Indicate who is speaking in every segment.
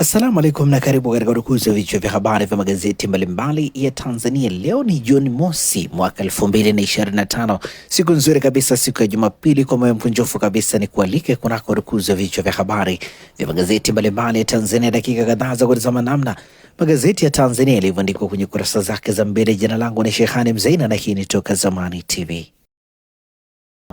Speaker 1: Assalamu alaikum na karibu katika urukuzi wa vichwa vya habari vya magazeti mbalimbali ya Tanzania. Leo ni Juni mosi mwaka 2025, siku nzuri kabisa, siku ya Jumapili. Kwa moyo mkunjofu kabisa ni kualike kunako urukuzi wa vichwa vya habari vya magazeti mbalimbali ya Tanzania, dakika kadhaa za kutazama namna magazeti ya Tanzania yalivyoandikwa kwenye kurasa zake za mbele. Jina langu ni Sheikhani Mzaina na hii ni Toka Zamani TV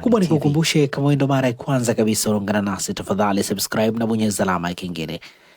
Speaker 1: kubwa ni kukumbushe, kama wewe ndo mara ya kwanza kabisa unaungana nasi, tafadhali subscribe na bonyeza alama ya kengele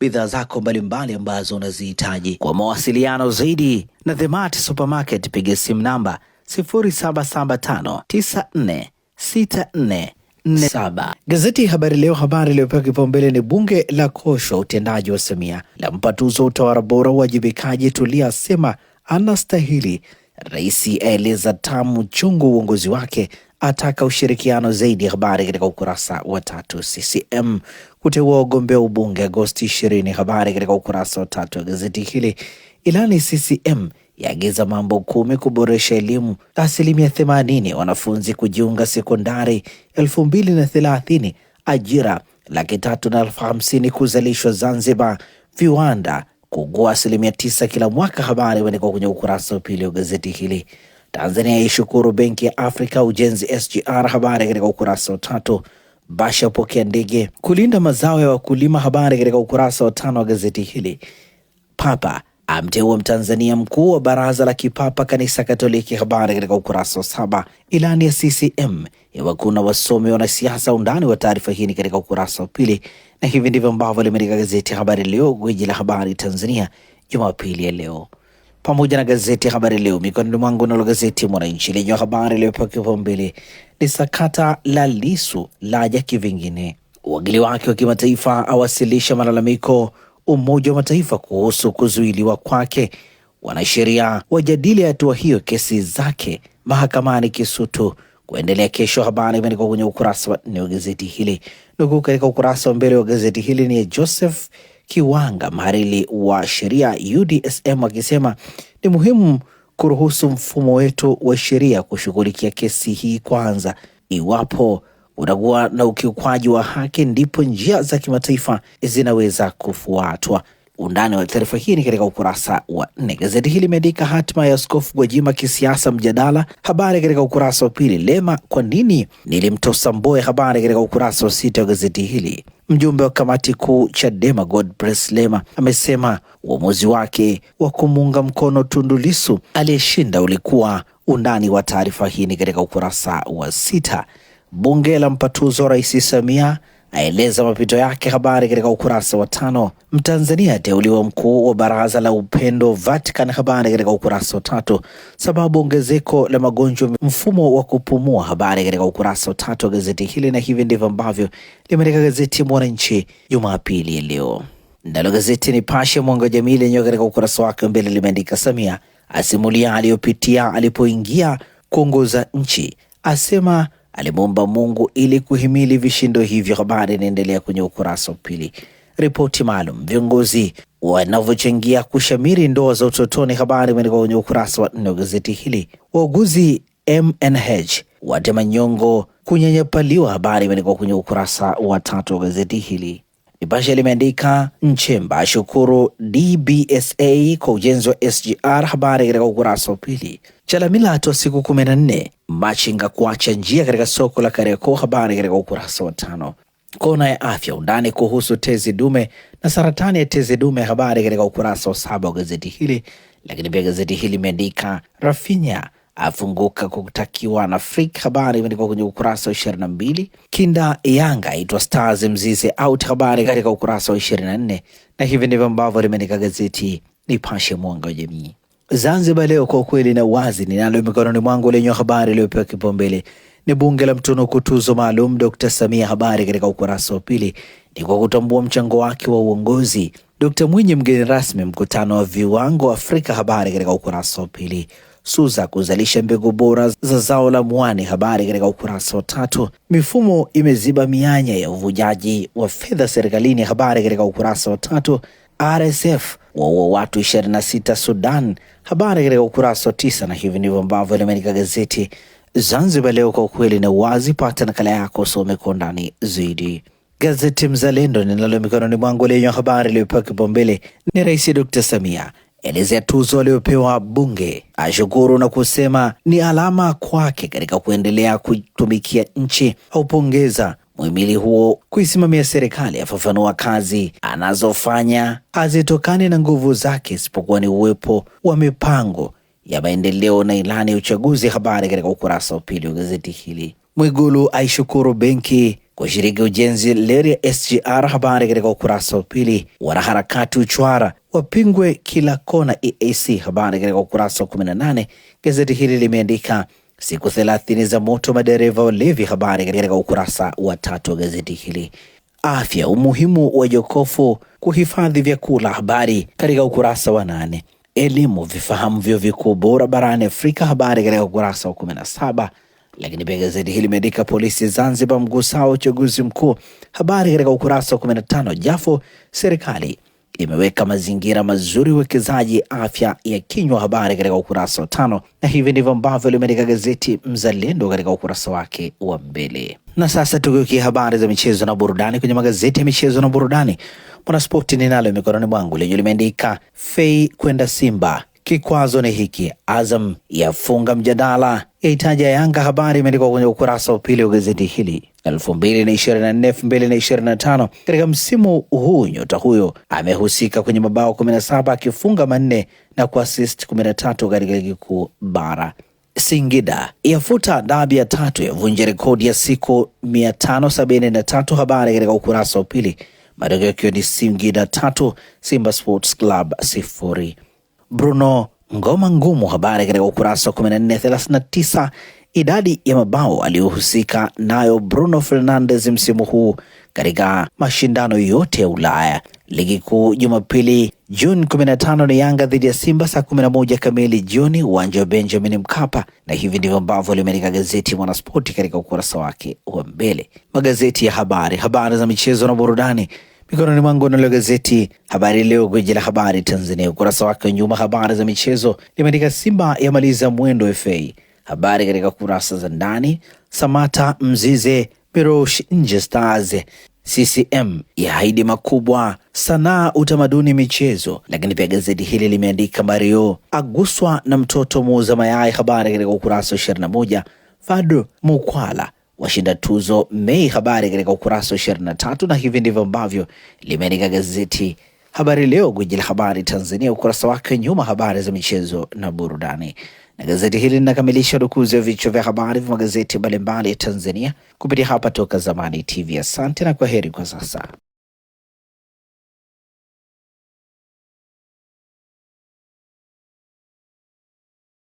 Speaker 1: bidhaa zako mbalimbali ambazo unazihitaji. Kwa mawasiliano zaidi na The Mart Supermarket, piga simu namba 0775946447. Gazeti Habari Leo, habari iliyopewa kipaumbele ni bunge la koshwa utendaji wa Samia, lampa tuzo utawala bora uwajibikaji. Tulia asema anastahili. Rais aeleza tamu chungu uongozi wake, ataka ushirikiano zaidi. Habari katika ukurasa wa tatu. CCM kuteua wagombea ubunge Agosti 20. Habari katika ukurasa wa tatu wa gazeti hili. Ilani CCM yaagiza mambo kumi kuboresha elimu, asilimia themanini wanafunzi kujiunga sekondari thelathini ajira laki tatu na elfu hamsini kuzalishwa Zanzibar, viwanda kugua asilimia tisa kila mwaka. Habari wendekwa kwenye ukurasa wa pili wa gazeti hili. Tanzania yaishukuru Benki ya Afrika ujenzi SGR. Habari katika ukurasa wa tatu. basha pokea ndege kulinda mazao ya wakulima. Habari katika ukurasa wa tano wa gazeti hili. Papa amteua Mtanzania mkuu wa baraza la kipapa kanisa Katoliki. Habari katika ukurasa wa saba. Ilani ya CCM iwakuna wasomi wanasiasa. Undani wa taarifa hii ni katika ukurasa wa pili, na hivi ndivyo ambavyo limeandika gazeti Habari Leo, gwiji la habari Tanzania, Jumapili ya leo pamoja na gazeti ya Habari Leo mikononi mwangu. Nalo gazeti Mwananchi lenye habari iliyopewa kipaumbele ni sakata la Lisu laja kivingine, uwakili wake wa kimataifa awasilisha malalamiko Umoja wa Mataifa kuhusu kuzuiliwa kwake. Wanasheria wajadili hatua hiyo, kesi zake mahakamani Kisutu kuendelea kesho. Habari imeandikwa kwenye ukurasa wa nne wa gazeti hili. Nukuu katika ukurasa wa mbele wa gazeti hili ni ya Joseph Kiwanga, mhariri wa sheria UDSM, akisema ni muhimu kuruhusu mfumo wetu wa sheria kushughulikia kesi hii kwanza. Iwapo unakuwa na ukiukwaji wa haki, ndipo njia za kimataifa zinaweza kufuatwa. Undani wa taarifa hii ni katika ukurasa wa nne. Gazeti hili limeandika hatima ya Askofu Gwajima kisiasa mjadala, habari katika ukurasa wa pili. Lema, kwa nini nilimtosa Mbowe, habari katika ukurasa wa sita wa gazeti hili. Mjumbe wa kamati kuu Chadema Godbless Lema amesema uamuzi wake wa kumuunga mkono Tundu Lissu aliyeshinda ulikuwa undani wa taarifa hii ni katika ukurasa wa sita. Bunge la mpatuzo Rais Samia aeleza mapito yake. Habari katika ukurasa wa tano. Mtanzania ateuliwa mkuu wa baraza la upendo Vatican. Habari katika ukurasa wa tatu. Sababu ongezeko la magonjwa mfumo wa kupumua. Habari katika ukurasa wa tatu wa gazeti hili, na hivi ndivyo ambavyo limeandika gazeti Mwananchi Jumapili ya leo. Ndalo gazeti Nipashe mwanga wa jamii lenyewe katika ukurasa wake mbele limeandika Samia asimulia aliyopitia alipoingia kuongoza nchi, asema alimwomba Mungu ili kuhimili vishindo hivyo. Habari inaendelea kwenye ukurasa wa pili. Ripoti maalum viongozi wanavyochangia kushamiri ndoa za utotoni. Habari imeandikwa kwenye ukurasa wa nne wa gazeti hili. Wauguzi MNH watema nyongo kunyanyapaliwa. Habari imeandikwa kwenye ukurasa wa tatu wa gazeti hili. Nipashe limeandika Nchemba ashukuru DBSA kwa ujenzi wa SGR, habari katika ukurasa wa pili. Chalamila hatua siku kumi na nne machinga kuacha njia katika soko la Kariakoo, habari katika ukurasa wa tano. Kona ya afya, undani kuhusu tezi dume na saratani ya tezi dume, habari katika ukurasa wa saba wa gazeti hili. Lakini pia gazeti hili limeandika Rafinya afunguka kwa kutakiwa na Afrika. Habari imeandikwa kwenye ukurasa wa ishirini na mbili. Kinda Yanga aitwa Stars Mzize out, habari katika ukurasa wa ishirini na nne, na hivi ndivyo ambavyo limeandika gazeti Nipashe mwanga wa jamii. Zanzibar Leo, kwa ukweli na uwazi ninalo mikononi mwangu, lenye habari iliyopewa kipaumbele ni bunge la mtunuku tuzo maalum Dr. Samia, habari katika ukurasa wa pili. Ni kwa kutambua mchango wake wa uongozi Dr. Mwinyi mgeni rasmi mkutano wa viwango Afrika, habari katika ukurasa wa pili. SUZA kuzalisha mbegu bora za zao la mwani. Habari katika ukurasa wa tatu. Mifumo imeziba mianya ya uvujaji wa fedha serikalini. Habari katika ukurasa wa tatu. RSF waua watu 26 Sudan. Habari katika ukurasa wa tisa, na hivi ndivyo ambavyo limeandika gazeti Zanzibar Leo, kwa ukweli na uwazi. Pata nakala yako usome kwa undani zaidi. Gazeti Mzalendo ninalo mikononi mwangu lenye habari iliyopewa kipaumbele ni Rais Dr. Samia elezea tuzo aliyopewa Bunge, ashukuru na kusema ni alama kwake katika kuendelea kutumikia nchi. Haupongeza muhimili huo kuisimamia serikali, afafanua kazi anazofanya hazitokani na nguvu zake isipokuwa ni uwepo wa mipango ya maendeleo na ilani ya uchaguzi. Habari katika ukurasa wa pili wa gazeti hili. Mwigulu aishukuru benki kushiriki ujenzi leri ya SGR. Habari katika ukurasa wa pili. Wanaharakati uchwara wapingwe kila kona. EAC habari katika ukurasa wa 18. Gazeti hili limeandika siku thelathini za moto madereva walevi, habari katika ukurasa wa tatu wa gazeti hili. Afya, umuhimu wa jokofu kuhifadhi vyakula, habari katika ukurasa wa nane. Elimu, vifahamu vyuo vikuu bora barani Afrika, habari katika ukurasa wa 17 lakini pia gazeti hili limeandika polisi Zanzibar mgusao uchaguzi mkuu, habari katika ukurasa wa 15. Jafu serikali imeweka mazingira mazuri uwekezaji afya ya kinywa, habari katika ukurasa wa tano, na hivi ndivyo ambavyo limeandika gazeti Mzalendo katika ukurasa wake wa mbele. Na sasa tukiukia habari za michezo na burudani kwenye magazeti ya michezo na burudani, Mwanaspoti ninalo mikononi mwangu lenye limeandika Fei kwenda Simba Kikwazo ni hiki, Azam yafunga mjadala, yahitaja Yanga. Habari imeandikwa kwenye ukurasa wa pili wa gazeti hili. 2024 2025 katika msimu huu nyota huyo amehusika kwenye mabao 17 akifunga manne na kuasist 13 katika ligi kuu bara. Singida yafuta dabi ya tatu yavunja rekodi ya siku 573. Habari katika ukurasa wa pili, matokeo yakiwa ni Singida tatu Simba Sports Club sifuri. Bruno ngoma ngumu. Habari katika ukurasa wa 1439 idadi ya mabao aliyohusika nayo Bruno Fernandes msimu huu katika mashindano yote ya Ulaya. Ligi kuu Jumapili Juni 15 ni Yanga dhidi ya Simba saa 11 kamili jioni, uwanja wa Benjamin Mkapa, na hivi ndivyo ambavyo limeandika gazeti Mwanaspoti katika ukurasa wake wa mbele. Magazeti ya habari, habari za michezo na burudani Mikononi mwangu nalo gazeti Habari Leo, gwiji la habari Tanzania, ukurasa wake wa nyuma, habari za michezo, limeandika Simba yamaliza mwendo FA. Habari katika kurasa za ndani, Samata Mzize Mirosh nje Stars, CCM yaahidi makubwa, sanaa, utamaduni, michezo. Lakini pia gazeti hili limeandika Mario aguswa na mtoto muuza mayai, habari katika ukurasa wa moja. Fadlu Mukwala washinda tuzo Mei. Habari katika ukurasa wa 23, na hivi ndivyo ambavyo limeandika gazeti Habari Leo, gwiji la habari Tanzania, ukurasa wake nyuma, habari za michezo na burudani. Na gazeti hili linakamilisha dukuzi ya vichwa vya habari vya magazeti mbalimbali ya Tanzania kupitia hapa Toka Zamani TV. Asante na kwa heri kwa sasa.